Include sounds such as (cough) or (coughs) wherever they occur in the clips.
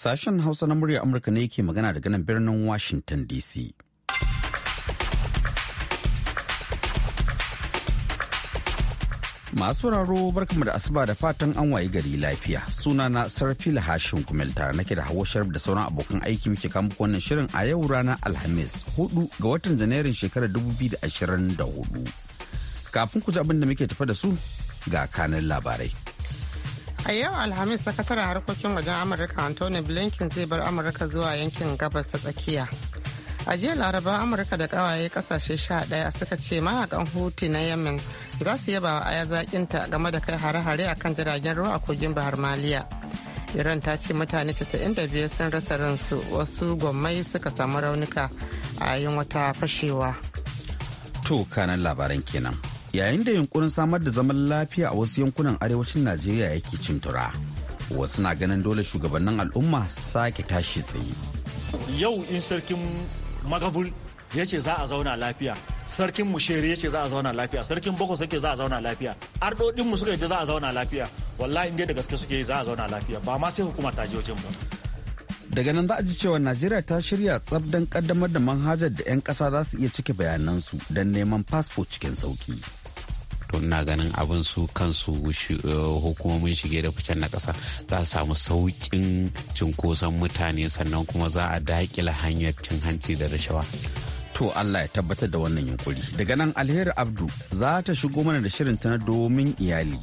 Sashen Hausa na muryar Amurka ne yake magana daga nan birnin Washington DC. Masu raro barkamu da asuba da fatan an wayi gari lafiya. Sunana Sarfi lahashin Kumel tare nake da hawa Sharif da sauran abokan aiki muke kamu wannan shirin a yau rana Alhamis 4 ga watan Janairun shekarar 2024. Kafin ku ji abin da muke tafa da su ga kanin labarai. A yau Alhamis sakataren harkokin wajen Amurka Anthony Blinken zai bar Amurka zuwa yankin gabas ta tsakiya. A jiya laraba Amurka da kawaye kasashe sha ɗaya suka ce kan hutu na yamin za su yaba wa aya zakinta game da kai hare-hare a kan jiragen ruwa a kogin Bahar Maliya. Iran ta ce mutane 95 sun rasa ransu wasu gwammai suka samu raunuka a yin wata fashewa. To kanan labaran kenan. yayin da yunkurin samar da zaman lafiya a wasu yankunan arewacin najeriya yake cin tura wasu na ganin dole shugabannin al'umma sake tashi tsaye yau in sarkin magavul ya ce za a zauna lafiya sarkin mushere ya ce za a zauna lafiya sarkin boko suke za a zauna lafiya arɗoɗinmu suka yadda za a zauna lafiya wallahi inda da gaske suke za a zauna lafiya ba ma sai hukuma ta je wajen ba daga nan za a ji cewa najeriya ta shirya tsab don kaddamar da manhajar da 'yan ƙasa za su iya cike bayanansu don neman fasfo cikin sauki to ina ganin abin su kansu eh, hukumomin shige da ficen na ƙasa za su samu sauƙin cinkoson mutane sannan kuma za a daƙila hanyar cin hanci da rashawa. to Allah ya tabbatar da wannan yunkuri. Daga nan Alheri Abdu za ta shigo mana da shirin ta na domin iyali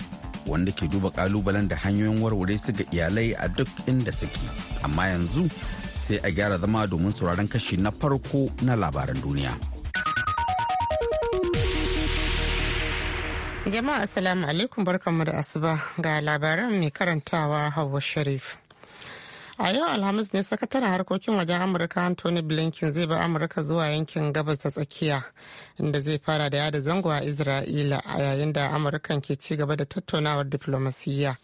wanda ke duba kalubalen da hanyoyin warware su ga iyalai a duk inda suke. Amma yanzu sai a gyara zama domin sauraron kashi na farko na labaran duniya. Jama'a Assalamu alaikum barkanmu da asuba ga labaran mai karantawa Hauwa Sharif. A yau Alhamis ne sakataren harkokin wajen Amurka Anthony Blinken zai ba Amurka zuwa yankin gabas ta tsakiya inda zai fara da yada zango a Isra'ila a yayin da Amurkan ke ci gaba da tattaunawar diflomasiyya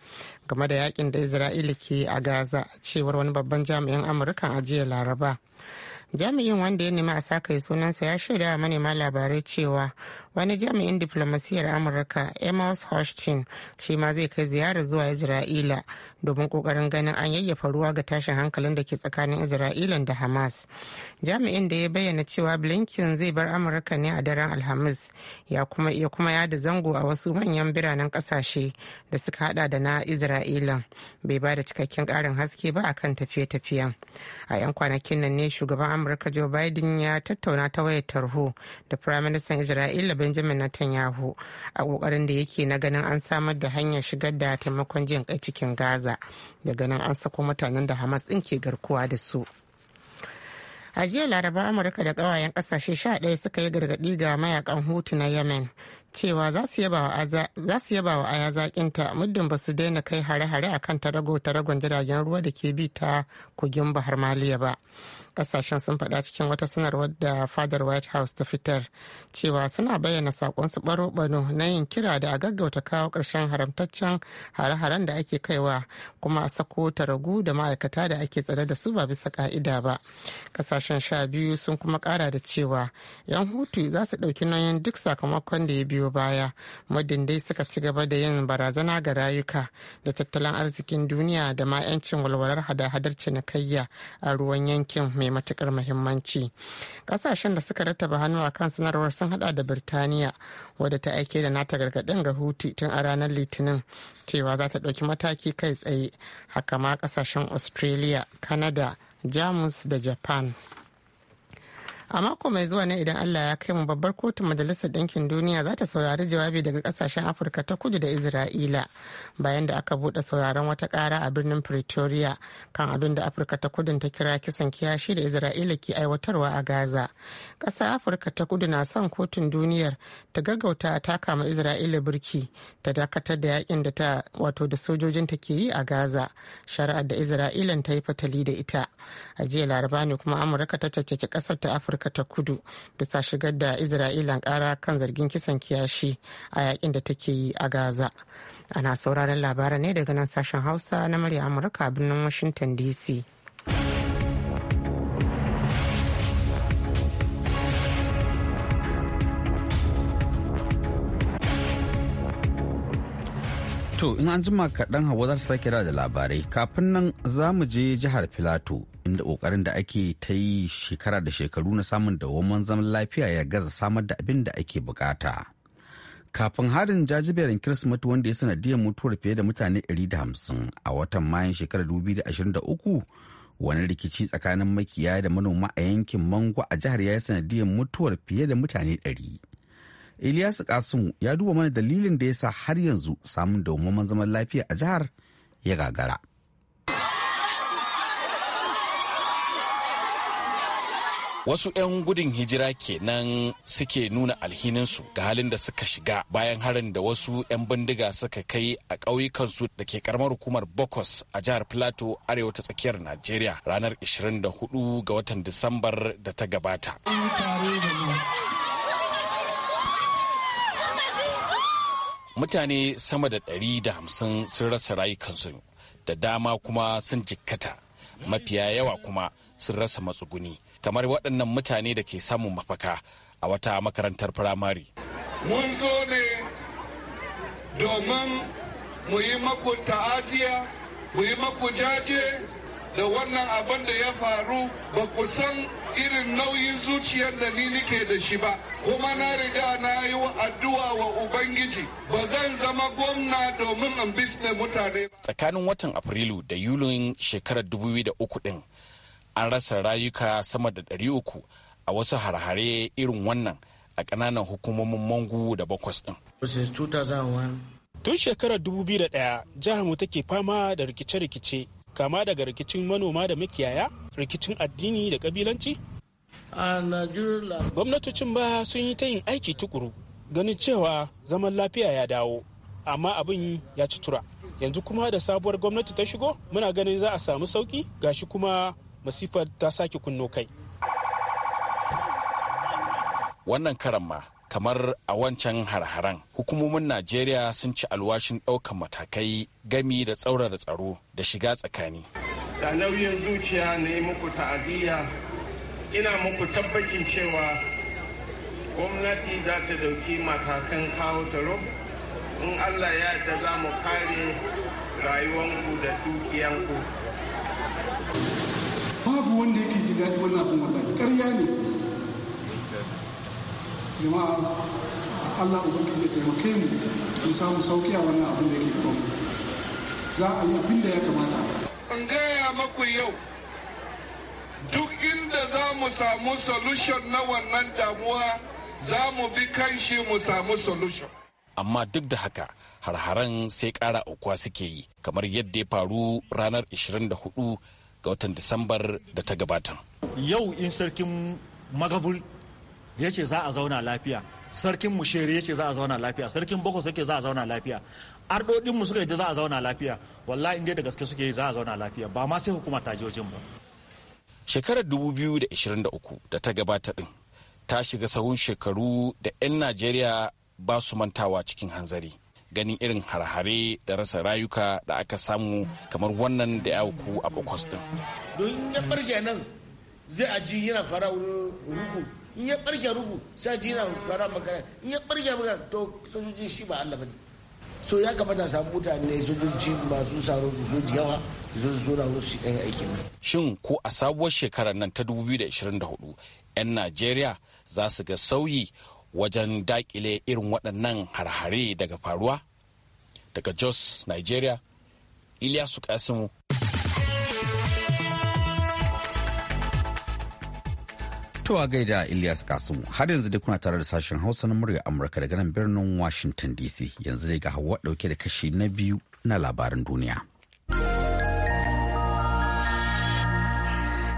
game da yakin da Isra'ila ke a Gaza cewar wani babban jami'in Amurka a jiya Laraba. jami'in wanda ya nemi a saka sunansa ya shaida wa manema labarai cewa wani jami'in diflomasiyyar amurka amos hoshtin shi ma zai kai ziyara zuwa isra'ila domin kokarin ganin an yayyafa ruwa ga tashin hankalin da ke tsakanin isra'ila da hamas jami'in da ya bayyana cewa blinken zai bar amurka ne a daren alhamis ya kuma iya kuma ya da zango a wasu manyan biranen kasashe da suka hada da na isra'ila bai ba da cikakken karin haske ba akan tafiye-tafiyen a 'yan kwanakin nan ne shugaban amurka joe biden ya tattauna ta wayar tarho da firaministan isra'ila benjamin netanyahu a kokarin da yake na ganin an samar da hanyar shigar da taimakon jin kai cikin gaza gaza daga nan an sako mutanen da hamas din ke garkuwa da su a jiya laraba amurka da kawayen kasashe 11 suka yi gargadi ga mayakan hutu na yemen cewa za su yaba wa aya zakinta muddin ba su daina kai hare-hare a kan tarago-taragon jiragen ruwa da ke bi ta kogin bahar maliya ba kasashen sun faɗa cikin wata sanarwar da fadar white house ta fitar cewa suna bayyana sakonsu baro-bano na yin kira da a gaggauta kawo ƙarshen haramtaccen hare-haren da ake kaiwa kuma a sako ragu da ma'aikata da ake tsare da su ba bisa ka'ida ba kasashen sha biyu sun kuma ƙara da cewa yan hutu za su ɗauki nauyin duk sakamakon da ya biyo baya muddin dai suka ci gaba da yin barazana ga rayuka da tattalin arzikin duniya da ma 'yancin walwalar hada-hadar cinikayya a ruwan yankin mai matukar muhimmanci kasashen da suka rattaba hannu a kan sanarwar sun hada da birtaniya wadda ta aike da nata gargaɗin ga huti tun a ranar litinin cewa za ta ɗauki mataki kai tsaye haka ma kasashen australia canada jamus da japan a mako mai zuwa ne idan allah ya kai mu babbar kotun majalisar ɗinkin duniya za ta saurari jawabi daga ƙasashen afirka ta kudu da isra'ila bayan da aka buɗe sauraron wata kara a birnin pretoria kan abin da afirka ta kudun ta kira kisan kiyashi da isra'ila ke aiwatarwa a gaza ƙasar afirka ta kudu na son kotun duniyar ta gaggauta a taka ma isra'ila birki ta dakatar da yakin da ta wato da sojojin ta ke yi a gaza shari'ar da isra'ilan ta yi fatali da ita a jiya laraba ne kuma amurka ta caccaki ƙasar ta afirka amurka ta kudu bisa shigar da isra'ilan kara kan zargin kisan kiyashi a yakin da take yi a gaza ana sauraron labaran ne daga nan sashen hausa na murya amurka birnin washington dc to in an jima kaɗan hawa za su sake da labarai kafin nan za mu je jihar filato inda kokarin da ake ta yi shekara da shekaru na samun dawamman zaman lafiya ya gaza samar da abin da ake bukata kafin harin jajiberin kirsimeti wanda ya sanadiyar mutuwar fiye da mutane 150 a watan mayan shekarar 2023 wani rikici tsakanin makiya da manoma a yankin mango a jihar ya yi sanadiyar mutuwar fiye da mutane 100 Ilyasu Kasimu ya duba mana dalilin da ya sa har yanzu samun dawwammamen zaman lafiya a jihar ya gagara. wasu 'yan gudun hijira kenan suke nuna alhininsu ga halin da suka shiga bayan harin da wasu 'yan bindiga suka kai a ƙauyukansu da ke karamar hukumar bokos a jihar plateau arewa ta tsakiyar najeriya ranar 24 ga watan disambar da ta gabata mutane sama da ɗari da hamsin sun rasa rayukansu da dama kuma sun jikkata mafiya yawa kuma sun rasa matsuguni kamar waɗannan mutane da ke samun mafaka a wata makarantar firamare. Mun zo ne domin mu yi maku ta'aziya, mu yi maku jaje da wannan abin da ya faru ba ku san irin nauyin zuciyar da ni nike da shi ba. Kuma na riga na yi wa addu'a wa Ubangiji ba zan zama gwamna domin in bisne mutane. ba. Tsakanin watan Afrilu da Yulin shekarar 2003 ɗin an rasa rayuka sama da ɗari uku a wasu harhare irin wannan a ƙananan hukumomin mangu da bakwas ɗin. Tun shekarar dubu 2001 jihar mu take fama da rikice-rikice kama daga rikicin manoma da makiyaya rikicin addini da ƙabilanci Gwamnatocin ba sun yi ta yin aiki tukuru ganin cewa zaman lafiya ya dawo amma abin ya ci tura. Yanzu kuma da sabuwar gwamnati ta shigo muna ganin za a samu sauki gashi kuma masifar ta sake kunno kai wannan karamma kamar a wancan harharan hukumomin najeriya sun ci alwashin ɗaukan matakai gami da tsaurara tsaro da shiga tsakani da nauyin zuciya na yi muku ta'aziyya ina muku tabbacin cewa gwamnati za ta ɗauki matakan kawo tsaro in allah ya zamu za mu kare rayuwanku da dukiyanku babu wanda yake ji daɗi wannan abin wallahi ƙarya ne jama'a Allah ubangiji ya taimake mu mu samu sauki a wannan abin da yake gaban mu za a yi abin da ya kamata an gaya maku yau duk inda za mu samu solution na wannan damuwa za mu bi kanshi mu samu solution amma duk da haka har sai kara aukuwa suke yi kamar yadda ya faru ranar 24 ga watan disambar da ta gabata yau in sarkin magavul ya ce za a zauna lafiya sarkin mushere ya ce za a zauna lafiya sarkin bokos yake za a zauna lafiya ardodinmu suka yi za a zauna lafiya wallahi inda da gaske suke za a zauna lafiya ba ma sai hukuma ta je wajen ba shekarar 2023 da ta gabata din ta shiga sahun shekaru da 'yan najeriya ba su mantawa cikin hanzari ganin irin harhare da rasa rayuka da aka samu kamar wannan da ya ku a bakwas din. Don ya barke nan zai a ji yana fara ruku in ya barke ruku sai a ji yana fara makara in ya barke makara to sojojin shi ba Allah bane. So ya kamata samu mutane sojoji masu tsaro su so yawa su zo su su yan aikin. Shin ko a sabuwar shekarar nan ta 2024 'yan Najeriya za su ga sauyi wajen dakile irin waɗannan harhare daga faruwa daga jos nigeria iliyasu kasimu To a gaida ilias Kasimu har yanzu dai kuna tare da sashen Hausa na murya Amurka daga nan birnin Washington DC yanzu dai ga hawa dauke da kashi na biyu na labaran duniya.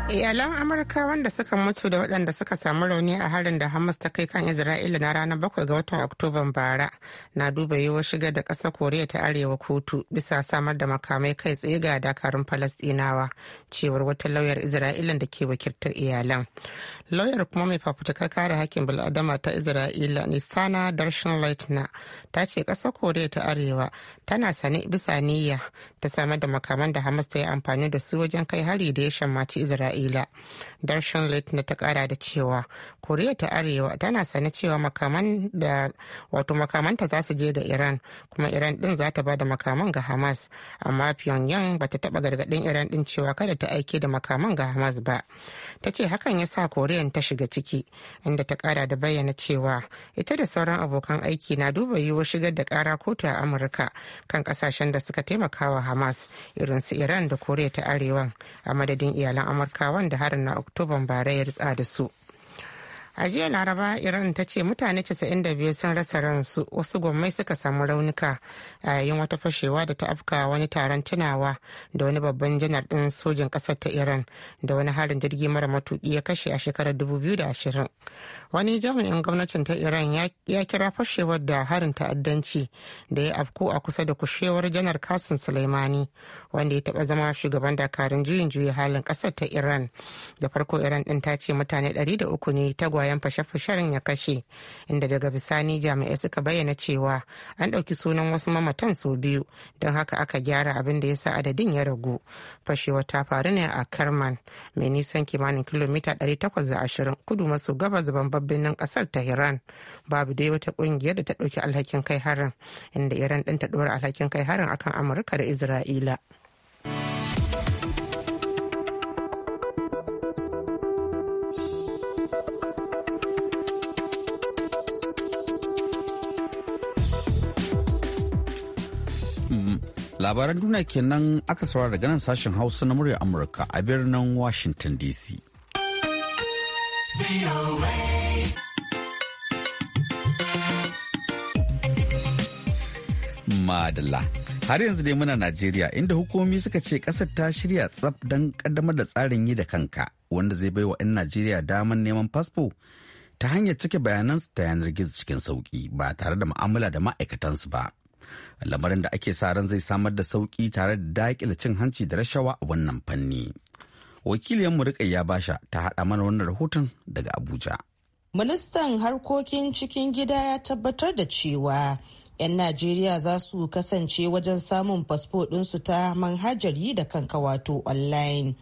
iyalan amurka wanda suka mutu da waɗanda suka samu rauni a harin da hamas ta kai kan isra'ila na ranar bakwai ga watan oktoban bara na duba yiwuwar shiga da ƙasar koriya ta arewa kotu bisa samar da makamai kai tsaye ga dakarun falastinawa cewar wata lauyar isra'ila da ke wakiltar iyalan lauyar kuma mai fafutukar kare hakkin bil'adama ta isra'ila nisana darshan leitner ta ce ƙasar koriya ta arewa tana sane bisa niyya ta samar da makaman da hamas ta yi amfani da su wajen kai hari da ya shammaci isra'ila darshan na ta kara da cewa koriya ta arewa tana sane cewa makaman da wato makamanta za su je da iran kuma iran din za ta bada makaman ga hamas amma pyongyang ba ta taba gargadin iran din cewa kada ta aike da makaman ga hamas ba ta ce hakan ya sa koriyan ta shiga ciki inda ta kara da bayyana cewa ita da sauran abokan aiki na duba yiwuwar shigar da kara kotu a amurka kan kasashen da suka taimakawa hamas irin su iran da koriya ta arewa a madadin iyalan amurka da harin na oktoban bara ya ritsa da su a jiya laraba iran ta ce mutane 92 sun rasa ransu wasu gwammai suka samu raunuka a yayin wata fashewa da ta afka wani taron tunawa da wani babban janar din sojin kasar ta iran da wani harin jirgi mara matuki ya kashe a shekarar 2020 wani jami'in gwamnatin ta iran ya kira fashewar da harin ta'addanci da ya afku a kusa da kushewar janar kasim suleimani wanda ya taba zama shugaban dakarun juyin juya halin kasar ta iran da farko iran din ta ce mutane 300 ne ta bayan fashe-fashen ya kashe inda daga bisani jami'ai suka bayyana cewa an ɗauki sunan wasu mamatan sau biyu don haka aka gyara abin da ya sa adadin ya ragu fashewa ta faru ne a karman mai nisan kimanin kilomita 820 kudu maso gabas babban birnin kasar tehran babu dai wata kungiyar da ta ɗauki alhakin kai harin inda iran ɗin ta ɗora alhakin kai harin akan amurka da isra'ila labaran duniya kenan aka saurara daga nan sashen hausa na murya amurka a birnin washington dc madalla har yanzu dai muna najeriya inda hukumomi suka ce kasar ta shirya tsaf don kaddamar da tsarin yi da kanka wanda zai baiwa 'yan najeriya damar neman fasfo ta hanyar cike bayanansu ta yanar gizo cikin sauki ba tare da mu'amala da ma'aikatansu ba lamarin da ake sa ran zai samar da sauki tare da daƙile cin hanci da rashawa a wannan fanni wakiliyanmu ya basha ta haɗa mana wannan rahoton daga abuja ministan harkokin cikin gida ya tabbatar da cewa 'yan najeriya za su kasance wajen samun fasfo ɗinsu ta manhajar yi da kanka wato online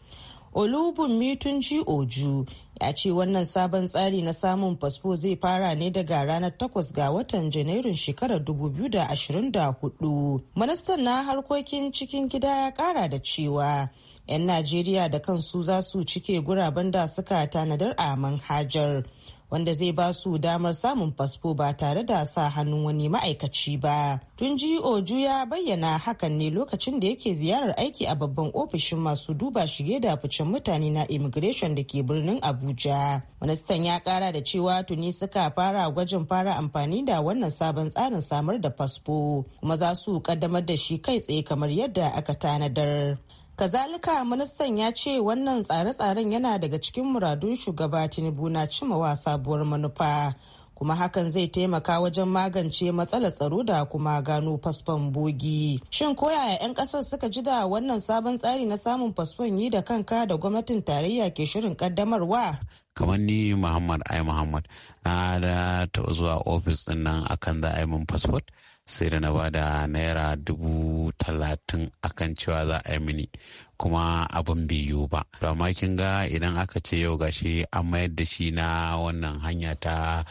olubun mitunci oju ya ce wannan sabon tsari na samun fasfo zai fara ne daga ranar 8 ga watan janairun shekarar 2024 ministan na harkokin cikin gida ya kara da cewa 'yan najeriya da kansu za su cike guraben da suka tanadar a manhajar wanda zai ba su damar samun fasfo ba tare da sa hannun wani ma'aikaci ba Tun ji Oju ya bayyana hakan ne lokacin da yake ziyarar aiki a babban ofishin masu duba shige da ficen mutane na immigration da ke birnin Abuja. Ministan ya kara da cewa tuni suka fara gwajin fara amfani da wannan sabon tsarin samar da fasfo kuma za su kaddamar da shi kai tsaye kamar yadda aka tanadar. kazalika ministan ya ce wannan tsare-tsaren yana daga cikin muradun shugaba tinubu na cimawa sabuwar manufa kuma hakan zai taimaka wajen magance matsalar tsaro da kuma gano fasfon bogi shin koyaya 'yan kasar suka ji da wannan sabon tsari na samun fasfon yi da kanka da gwamnatin tarayya ke shirin kaddamarwa kamar ni muhammad ai muhammad na da taɓa zuwa ofis din nan akan za a yi min fasfot sai da na bada naira dubu talatin a kan cewa za a yi mini kuma abin biyu ba ba ma kin ga idan aka ce yau gashi an mayar da shi na wannan hanya ta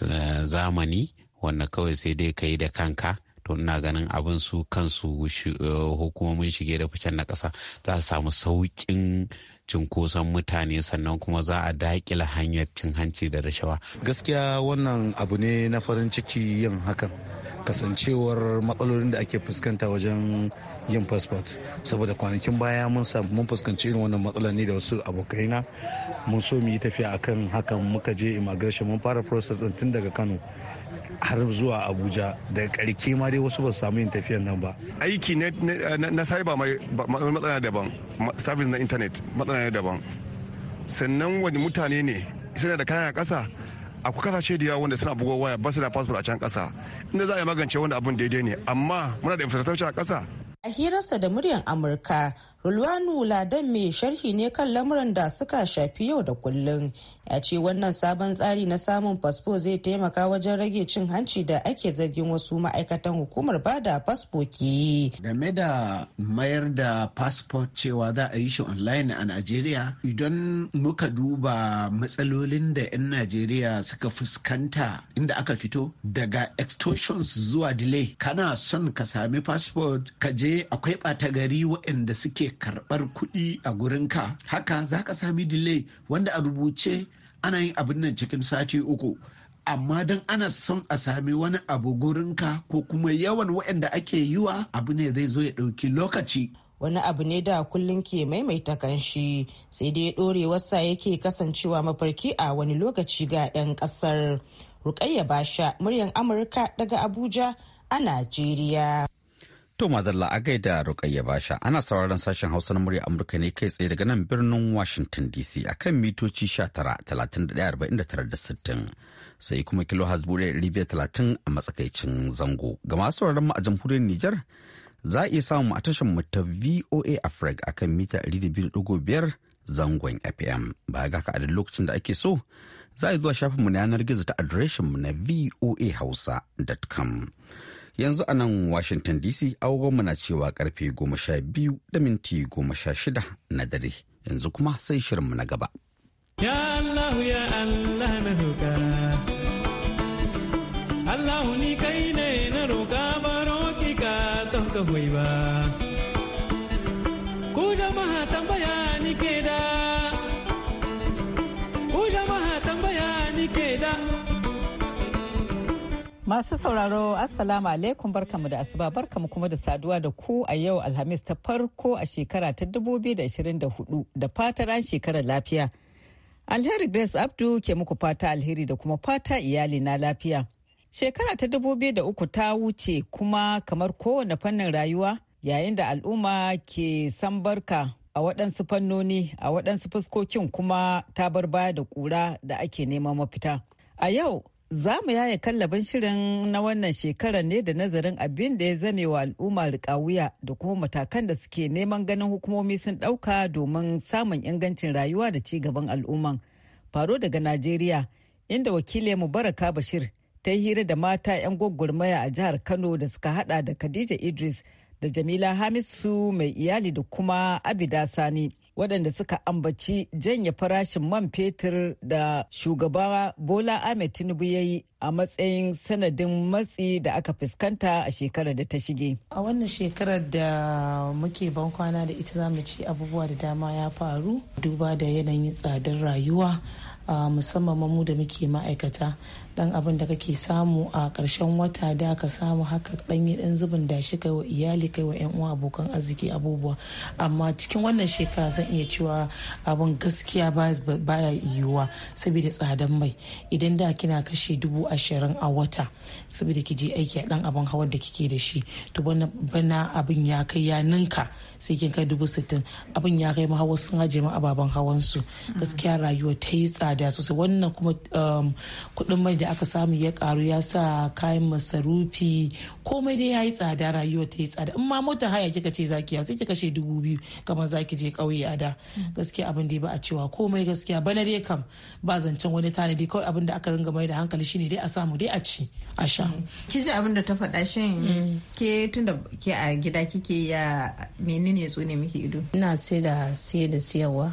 eh, zamani wanda kawai sai dai ka yi da kanka to ina ganin abin su kansu eh, hukumomin shige da ficen na ƙasa za su samu sauƙin cunkoson mutane sannan kuma za a daƙila hanyar cin hanci da rashawa. Gaskiya wannan abu ne na farin ciki yin hakan kasancewar matsalolin da ake fuskanta wajen yin fasfot saboda kwanakin baya mun fuskanci irin wannan matsalar ne da wasu abokaina mun so mu yi tafiya akan hakan muka je immigration mun fara process din tun daga Kano har zuwa abuja da karke ma dai wasu ba su samu yin tafiyan nan ba aiki na cyber mai matsala daban service na internet matsala daban sannan wani mutane ne suna da kayan kasa akwai kasashe da yawa wanda suna bugo waya ba su da a can kasa inda za a yi magance wanda abin daidai ne amma muna da infrastructure a kasa a hirarsa da muryar amurka Rulwanu Ladan mai sharhi ne kan lamuran da suka shafi yau da kullum Ya ce wannan sabon tsari na samun fasfo zai taimaka wajen rage cin hanci da ake zargin wasu ma'aikatan hukumar bada fasfo ke Game da mayar da fasfo cewa za a yi shi online a Najeriya, idan muka duba matsalolin da 'yan Najeriya suka fuskanta inda aka fito daga extortions zuwa delay kana son ka sami fasfo ka je akwai ɓata gari waɗanda suke karbar karɓar kuɗi a gurinka haka za ka sami delay wanda a rubuce ana yin abin nan cikin sati uku amma don ana son a sami wani abu gurinka ko kuma yawan waɗanda ake yiwa abu ne zai zo ya ɗauki lokaci wani abu ne da kullum ke maimaita kanshi sai dai wasa yake kasancewa mafarki a wani lokaci ga 'yan ƙasar rukayya basha muryan amurka daga abuja a najeriya To madalla a gaida Rukayya Basha ana sauraron sashen Hausa na murya Amurka ne kai tsaye daga nan birnin Washington DC akan mitoci 19 sai kuma kilo hasbure talatin a matsakaicin zango. Ga masu sauraron mu a jamhuriyar Nijar za a iya samu a tashar mu ta VOA a akan mita 200.5 zangon FM. Ba ga ka a lokacin da ake so za a zuwa shafin mu na yanar gizo ta adireshinmu mu na voahausa.com. yanzu a nan washington dc agogonmu na cewa karfe goma sha biyu da minti goma shida na dare yanzu kuma sai shirinmu na gaba ya Allah, Masu sauraro Assalamu alaikum barkamu da asuba barkamu kuma da saduwa da ku a yau Alhamis ta farko a shekara ta 2024 da fatar an shekarar lafiya. Alheri Grace Abdu ke muku fata alheri da kuma fata iyali na lafiya. Shekara ta 2003 ta wuce kuma kamar kowane fannin rayuwa yayin da al'umma ke san barka a waɗansu fannoni a waɗansu fuskokin kuma ta bar baya da ƙura da ake neman mafita. A yau Za mu yaya kallabin shirin na wannan shekarar ne da nazarin abin da ya zame wa al'umma rikawuya da kuma matakan da suke neman ganin hukumomi sun ɗauka domin samun ingancin rayuwa da ci gaban al'umman. Faro daga Najeriya, inda wakilai baraka Bashir ta yi hira da mata 'yan gwagwarmaya a jihar Kano da suka hada da Khadija Idris da Jamila Hamisu mai iyali da kuma Abida Sani. waɗanda suka ambaci janye farashin man fetur da shugaba Bola Ahmed Tinubu ya yi a matsayin sanadin matsi da aka fuskanta a shekarar da ta shige. A wannan shekarar da muke ban kwana da ita zamu ci abubuwa da dama ya faru duba da yanayin tsadar rayuwa musamman mu da muke ma'aikata dan abin da kake samu a ƙarshen wata da ka samu haka dan yi dan zubin da shi kai wa iyali kai wa yan uwa abokan arziki abubuwa amma cikin wannan shekara zan iya cewa abin gaskiya baya yiwuwa saboda tsadan mai idan da kina kashe dubu ashirin a wata saboda ki je aiki a dan abin hawan da kike da shi to bana abin ya kai ya ninka sai kin kai dubu sittin abin ya kai mahawa sun haje ma ababen hawan su gaskiya rayuwa ta yi tsada sosai wannan kuma um, kuɗin mai da da aka samu ya karu ya sa kayan masarufi komai dai ya yi tsada rayuwa ta yi tsada in ma motar haya kika ce zaki ya sai kika kashe dubu biyu kamar zaki je kauye a da gaskiya abin da ba a cewa komai gaskiya bana dai kam ba zancen wani tanadi kawai abin da aka ringa mai da hankali shine dai a samu dai a ci a sha mm. ki ji abin da ta faɗa shin mm. ke tunda ke a gida kike ya menene tsone miki ido ina sai da sai da siyarwa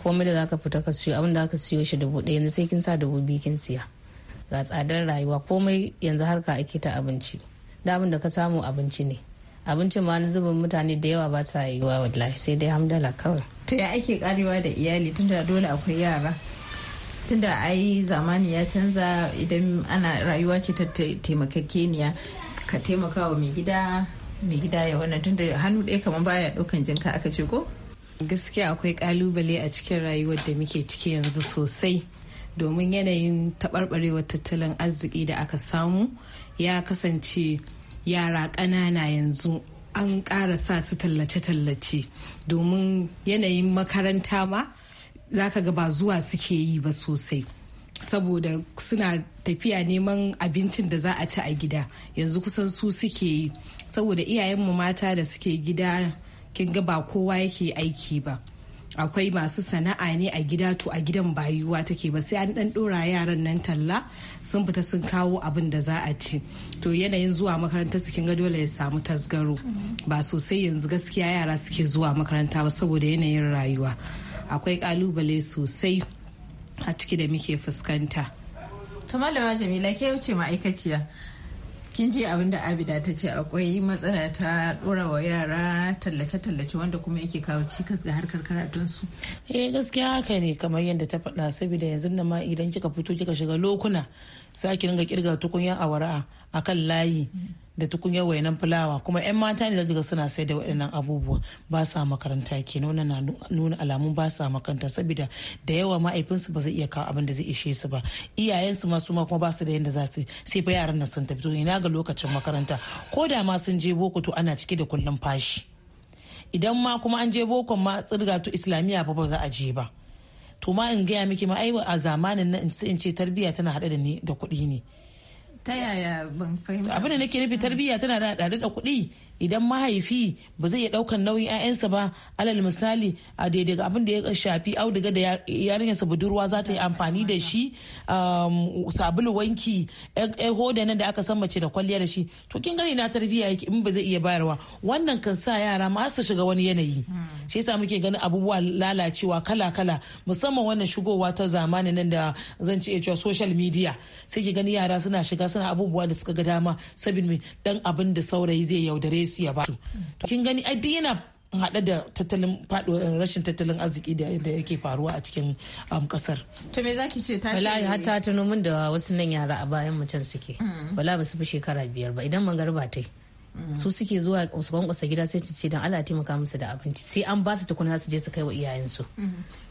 komai da zaka fita ka siyo abin da aka siyo shi dubu ɗaya yanzu sai kin sa dubu biyu kin siya ga tsadar rayuwa komai yanzu harka ake ta abinci damin da ka samu abinci ne abincin ma na zubin mutane da yawa ba ta yiwuwa wallahi sai dai hamdala kawai to ya ake karewa da iyali tunda dole akwai yara tunda ai zamani ya canza idan ana rayuwa ce ta taimakakeniya ka taimaka wa mai gida mai gida ya wannan tunda hannu ɗaya kamar baya ɗaukan jinka aka ce ko gaskiya akwai ƙalubale a cikin rayuwar da muke ciki yanzu sosai domin yanayin taɓarɓarewar tattalin arziki da aka samu ya kasance yara ƙanana yanzu an ƙara sa su tallace-tallace domin yanayin makaranta ma za ka ga ba zuwa suke yi ba sosai saboda suna tafiya neman abincin da za a ci a gida yanzu kusan su suke yi saboda iyayenmu mata da suke gida kin ga ba kowa yake aiki ba akwai masu sana'a ne a gida to a gidan bayuwa take ba sai an dan dora yaran nan talla sun fita sun kawo abin da za a ci to yanayin zuwa makaranta su ga dole ya samu tasgaro ba sosai yanzu gaskiya yara suke zuwa makaranta ba saboda yanayin rayuwa akwai kalubale sosai a ciki da muke fuskanta to malama jamila ke wuce ma'aikaciya kin ji abin da abida ta ce akwai matsala ta dora wa yara tallace-tallace wanda kuma yake kawo cikas ga harkar karatunsu eh gaskiya haka ne kamar yadda ta faɗa saboda yanzu na ma idan kika fito kika shiga lokuna sai ki ringa kirga tukunya awara a kan layi da tukunyar wainan fulawa kuma 'yan mata ne daga suna sai da waɗannan abubuwa ba sa makaranta ke nuna na nuna alamun ba sa makaranta saboda da yawa ma'aifinsu ba zai iya kawo abin da zai ishe su ba iyayensu ma su ma kuma ba su da yadda za su sai fa yaran nan sun tafi to ina ga lokacin makaranta ko da ma sun je boko to ana cike da kullum fashi idan ma kuma an je bokon ma tsirga to islamiyya fa ba za a je ba to ma in gaya miki ma ai a zamanin nan in ce tarbiyya tana hada da ni da kuɗi ne ta yaya ban fahimta abin da nake nufi tarbiyya tana da dare da kuɗi idan mahaifi ba zai iya nauyin 'ya'yansa ba alal misali a daidai abin da ya shafi auduga da sa budurwa za ta yi amfani da shi um, sabulu wanki hoda nan da aka san mace da kwalliya da shi to kin gani na tarbiyya yake in ba zai iya bayarwa wannan kan sa yara ma su shiga wani yanayi hmm. shi yasa muke ganin abubuwa lalacewa kala kala musamman wannan shigowa ta zamanin nan da zan ce cewa social media sai ki gani yara suna shiga suna abubuwa da suka ga dama sabin mai dan abin da saurayi zai yaudare su ya ba su. kin gani ai yana haɗe da tattalin faɗuwar rashin tattalin arziki da yake faruwa a cikin kasar. Um, to me zaki ce ta Wala hatta ta nomin da wasu nan yara a bayan mutum suke. Mm. Wallahi ba su fi shekara biyar ba idan magarba ta yi. su suke zuwa su kwankwasa gida sai su ce don ala taimaka musu da abinci sai an ba su tukuna su je su kai wa iyayensu.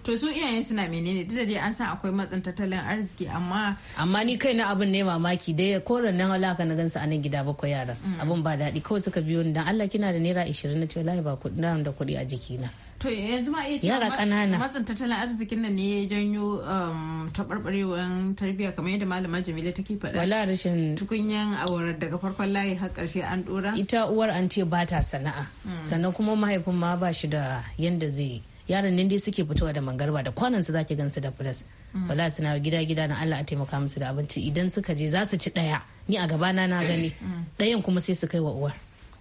to su iyayen suna menene duk da dai an san akwai matsin tattalin arziki amma amma ni kai na abin ne mamaki dai koren nan alaka na gansu a nan gida bakwai yaran mm. abin ba daɗi kawai suka biyo ni dan Allah kina da naira 20 na ce wallahi ba kuɗi da kuɗi a jikina. to yanzu ma iya yara kanana matsin tattalin arzikin nan ne ya janyo um, taɓarɓarewar tarbiyya kamar yadda malama jamila take faɗa wala rashin tukunyan awara daga farkon layi har ƙarshe an ɗora ita uwar an ce ba ta sana'a hmm. sannan kuma mahaifin ma ba shi da yanda zai yaran nan dai suke fitowa da mangarba da kwanansu zaki gansu da plus hmm. wala suna gida gida na Allah a taimaka musu da abinci idan suka je za su ci daya ni a gabana na gani dayan (coughs) hmm. kuma sai su kai wa uwar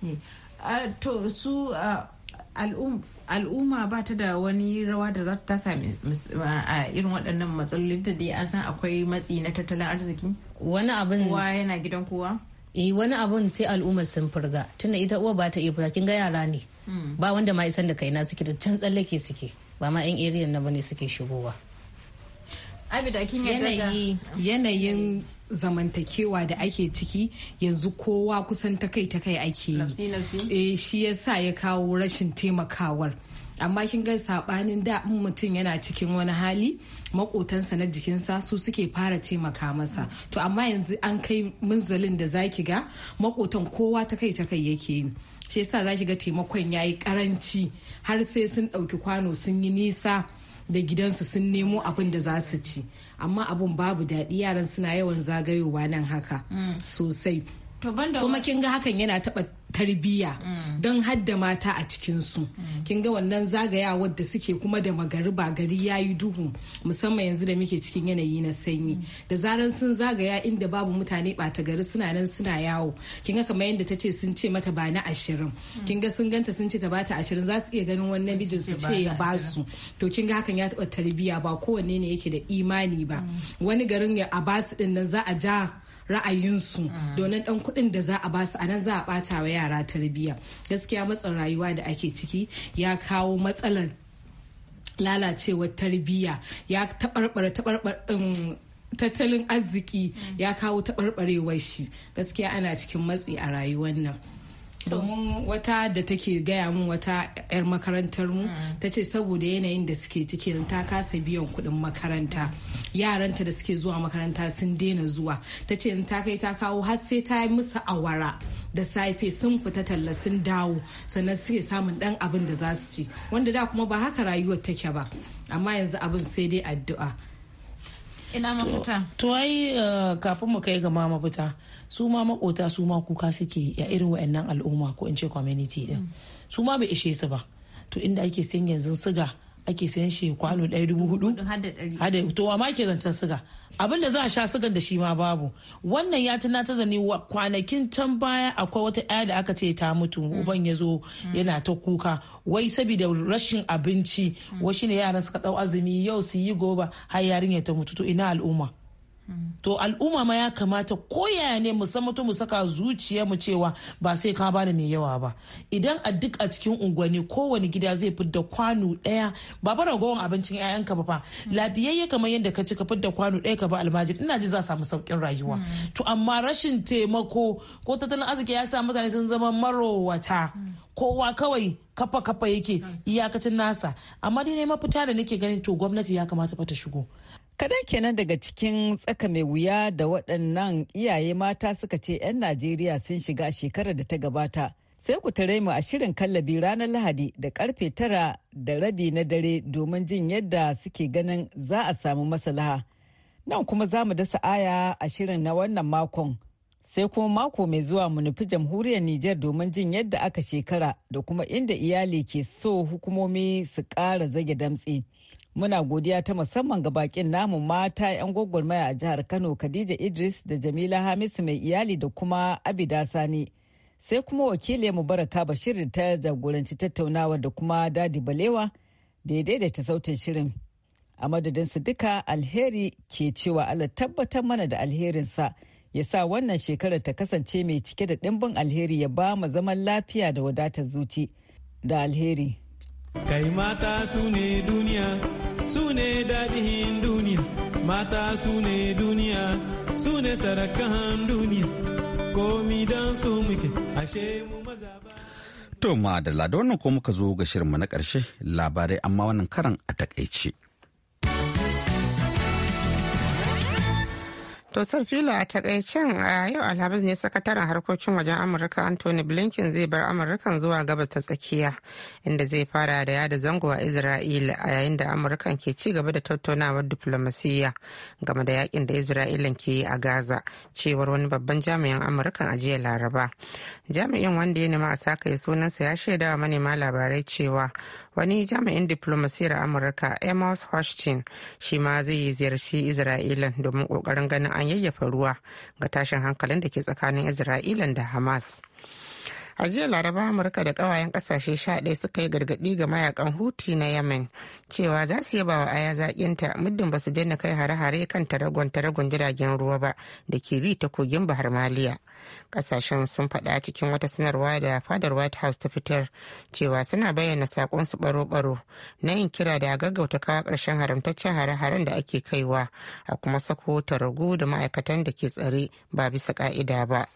eh, to su al'um al'umma ba ta da wani rawa da za ta taka a irin waɗannan matsaloli da dai an san akwai matsi na tattalin arziki wani abin kowa yana gidan kowa eh wani abun sai al'umma sun furga tunda ita uwa ba ta iya furga kin ga yara ne hmm. ba wanda ma isan da kaina suke da can tsallake suke ba ma yan area na bane suke shigowa abida kin yadda yanayin zamantakewa da ake ciki yanzu kowa kusan ta kai ta kai ake yi eh, shi ya sa ya kawo rashin taimakawar amma kin ga sabanin da mutum yana cikin wani hali makotansa na jikinsa su suke fara taimaka masa to amma yanzu an kai munzalin da zaki ga makotan kowa ta kai ta kai yake yi shi yasa zaki ga taimakon ya yi karanci har sai sun ɗauki kwano sun yi nisa da gidansu sun nemo abin da za su ci amma abun babu daɗi yaran suna yawan zagayowa nan haka mm. sosai kuma kin ga hakan yana taɓa tarbiyya mm. don hadda mata a cikinsu mm. kin ga wannan zagaya wadda suke kuma da magari ba gari ya yi duhu musamman yanzu da muke cikin yanayi na sanyi mm. da zarar sun zagaya inda babu mutane ɓata gari suna nan suna yawo kin ga kamar yadda ta ce sun ce mata ba na ashirin kin ga sun ganta sun ce ta bata ashirin za su iya ganin wani namijin su ce ya ba su to kin ga hakan ya taɓa tarbiyya ba kowanne ne yake da imani ba wani garin ya a basu ɗin nan za a ja ra'ayinsu mm. domin dan kuɗin da za a basu a nan za a ɓata wa yara tarbiyya gaskiya matsin rayuwa da ake ciki ya kawo matsalar lalacewar tarbiyya ya taɓarɓara taɓarɓara um, tattalin arziki mm. ya kawo taɓarɓarewar shi gaskiya ana cikin matsi a rayuwar nan domin wata da take gaya min wata 'yar makarantar mu mm. ta ce saboda yanayin da suke ciki ta kasa biyan kuɗin makaranta yaranta da suke zuwa makaranta sun daina zuwa ta ce ta kai ta kawo har sai ta yi musu awara da safe sun fita talla sun dawo sannan suke samun dan abin da za su ci wanda da kuma ba haka rayuwar take ba amma yanzu abin sai dai addu'a ina mafuta to ai eh, kafin mu kai ga ma mafita su ma makota su ma kuka suke ya irin wa'annan al'umma ko in ce community din mm. su ma bai ishe su ba to inda ake sayan yanzu siga ake sayan shi kwano ɗaya dubu hudu hada to amma ke zancen siga abin da za a sha sigan da shi ma babu wannan ya tuna ta zane kwanakin can baya akwai wata ɗaya da aka ce ta mutu mm. uban ya zo mm. yana ta kuka wai saboda rashin abinci mm. wasu ne yaran suka ɗau azumi yau su yi gobe har yarinya ta mutu to ina al'umma to al'umma ma ya kamata ko yaya ne mu san mutum mu saka zuciya mu cewa ba sai ka bani mai yawa ba idan a duk a cikin unguwanni kowane gida zai fidda kwano ɗaya ba bara gowon abincin 'ya'yanka ba fa lafiyayye kamar yadda ka ci ka fidda kwano daya ka ba almajiri ina ji za samu saukin rayuwa hmm. to amma rashin taimako ko tattalin arziki ya sa mutane sun zama marowata kowa kawai kafa kafa yake iyakacin nasa amma dai ne mafita da nake ganin to gwamnati ya kamata fa ta shigo Kadan kenan daga cikin tsaka mai wuya da waɗannan iyaye mata suka ce 'yan Najeriya sun shiga shekarar da ta gabata. Sai ku tare mu a shirin kallabi ranar Lahadi da karfe tara da rabi na dare domin jin yadda suke ganin za a samu maslaha. Nan kuma za mu dasa aya a shirin na wannan makon. Sai kuma mako mai zuwa mu nufi jamhuriyar Nijar domin jin yadda aka shekara da kuma inda iyali ke so hukumomi su ƙara zage damtse. Muna godiya ta musamman ga bakin namu mata 'yan gwagwarmaya a jihar Kano Khadija Idris da Jamila Hamisu mai iyali da kuma Abida Sani. Sai kuma baraka Mubaraka Bashir ta jagoranci tattaunawa da kuma Dadi Balewa da ya daidaita sautin shirin. A madadin su duka alheri ke cewa Allah tabbatar mana da alherinsa ya sa wannan shekarar ta kasance mai cike da ɗimbin alheri ya ba mu zaman lafiya da wadatar zuci da alheri. Kai mata su ne duniya su ne daɗin duniya mata su ne duniya su ne sarakan duniya komi don su muke ashe mu maza ba to ma da wannan ko muka zo ga shirinmu na ƙarshe labarai amma wannan karan a takaice tosar Sarfila a takaicen a yau Alhamis ne sakataren harkokin wajen Amurka Anthony Blinken zai bar Amurkan zuwa gabas ta tsakiya inda zai fara da yada zango a Isra'ila a yayin da Amurkan ke ci gaba da tattaunawar diflomasiyya game da yakin da Isra'ila ke yi a Gaza cewar wani babban jami'in Amurkan a jiya Laraba. Jami'in wanda ya nema a saka ya sunansa ya shaida wa manema labarai cewa wani jami'in diplomasiyar amurka amos hoshchin shi ma zai yi ziyarci isra'ila domin kokarin ganin an yayyafa ruwa ga tashin hankalin da ke tsakanin isra'ilan da hamas a jiya laraba amurka da kawayen kasashe sha ɗaya suka yi gargadi ga mayakan huti na yemen cewa za su yaba wa aya zaƙinta muddin ba su daina kai hare-hare kan taragon taragon jiragen ruwa ba da ke bi ta kogin bahar maliya kasashen sun faɗa cikin wata sanarwa da fadar white house ta fitar cewa suna bayyana su baro-baro na yin kira da gaggauta kawo ƙarshen haramtaccen hare-haren da ake kaiwa a kuma sako ragu da ma'aikatan da ke tsare ba bisa ka'ida ba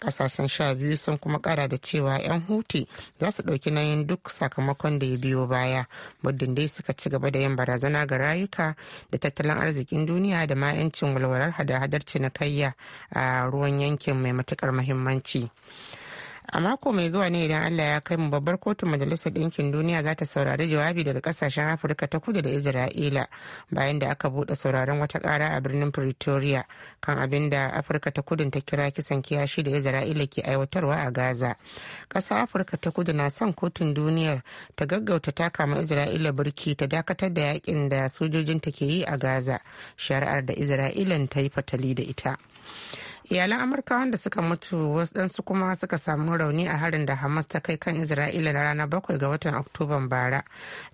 kasashen sha biyu sun kuma kara da cewa 'yan huti za su ɗauki nayin duk sakamakon da ya biyo baya muddin dai suka ci gaba da yin barazana ga rayuka da tattalin arzikin duniya da ma walwalar hada-hadar cinikayya a ruwan yankin mai matuƙar muhimmanci a mako mai zuwa ne idan allah ya kai mu babbar kotun majalisar ɗinkin duniya za ta saurari jawabi daga kasashen afirka ta kudu da isra'ila bayan da aka buɗe sauraron wata ƙara a birnin pretoria kan abin da afirka ta kudu ta kira kisan kiyashi da isra'ila ke aiwatarwa a gaza ƙasa afirka ta kudu na son kotun duniyar ta gaggauta ta kama isra'ila birki ta dakatar da yakin da sojojinta ke yi a gaza shari'ar da isra'ilan ta yi fatali da ita iyalan amurka wanda suka mutu wasu kuma suka samu rauni a harin da hamas ta kai kan isra'ila na rana bakwai ga watan oktoban bara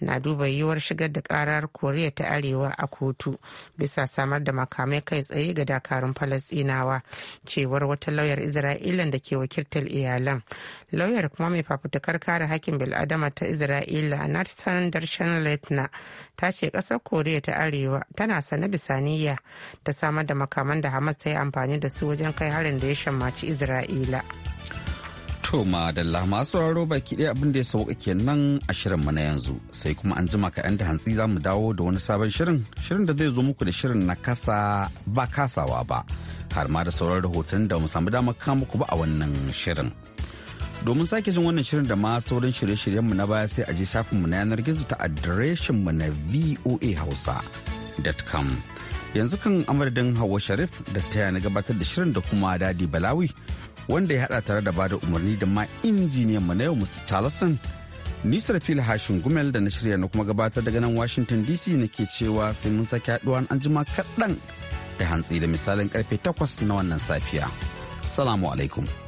na duba yiwuwar shigar da karar koriya ta arewa a kotu bisa samar da makamai kai tsaye ga dakarun falasinawa cewar wata lauyar isra'ilan da ke wakiltar iyalan lauyar kuma mai fafutukar kare hakkin bil'adama ta isra'ila natsan darshan letna ta ce kasar koriya ta arewa tana sane bisaniya ta samar da makaman da hamas ta yi amfani da su wajen kai harin da ya shammaci isra'ila to ma da lama sauraro baki ɗaya abin da ya sauka nan a shirinmu na yanzu sai kuma an jima kaɗan da hantsi za mu dawo da wani sabon shirin shirin da zai zo muku da shirin na kasa ba kasawa ba har ma da sauran rahoton da mu samu damar kama muku ba a wannan shirin. Domin sake jin wannan shirin da ma sauran shirye-shiryenmu na baya sai a je shafinmu na yanar gizo ta adireshinmu na voahausa.com. Yanzu kan amadadin Hauwa Sharif da ta yana gabatar da shirin da kuma Dadi Balawi wanda ya hada tare da bada umarni da ma injiniyan na yau Mr. Charleston. Nisar fil hashin gumel da na shirya na kuma gabatar daga nan Washington DC nake cewa sai mun sake haduwa an jima kaɗan da hantsi da misalin karfe 8 na wannan safiya. Salamu alaikum.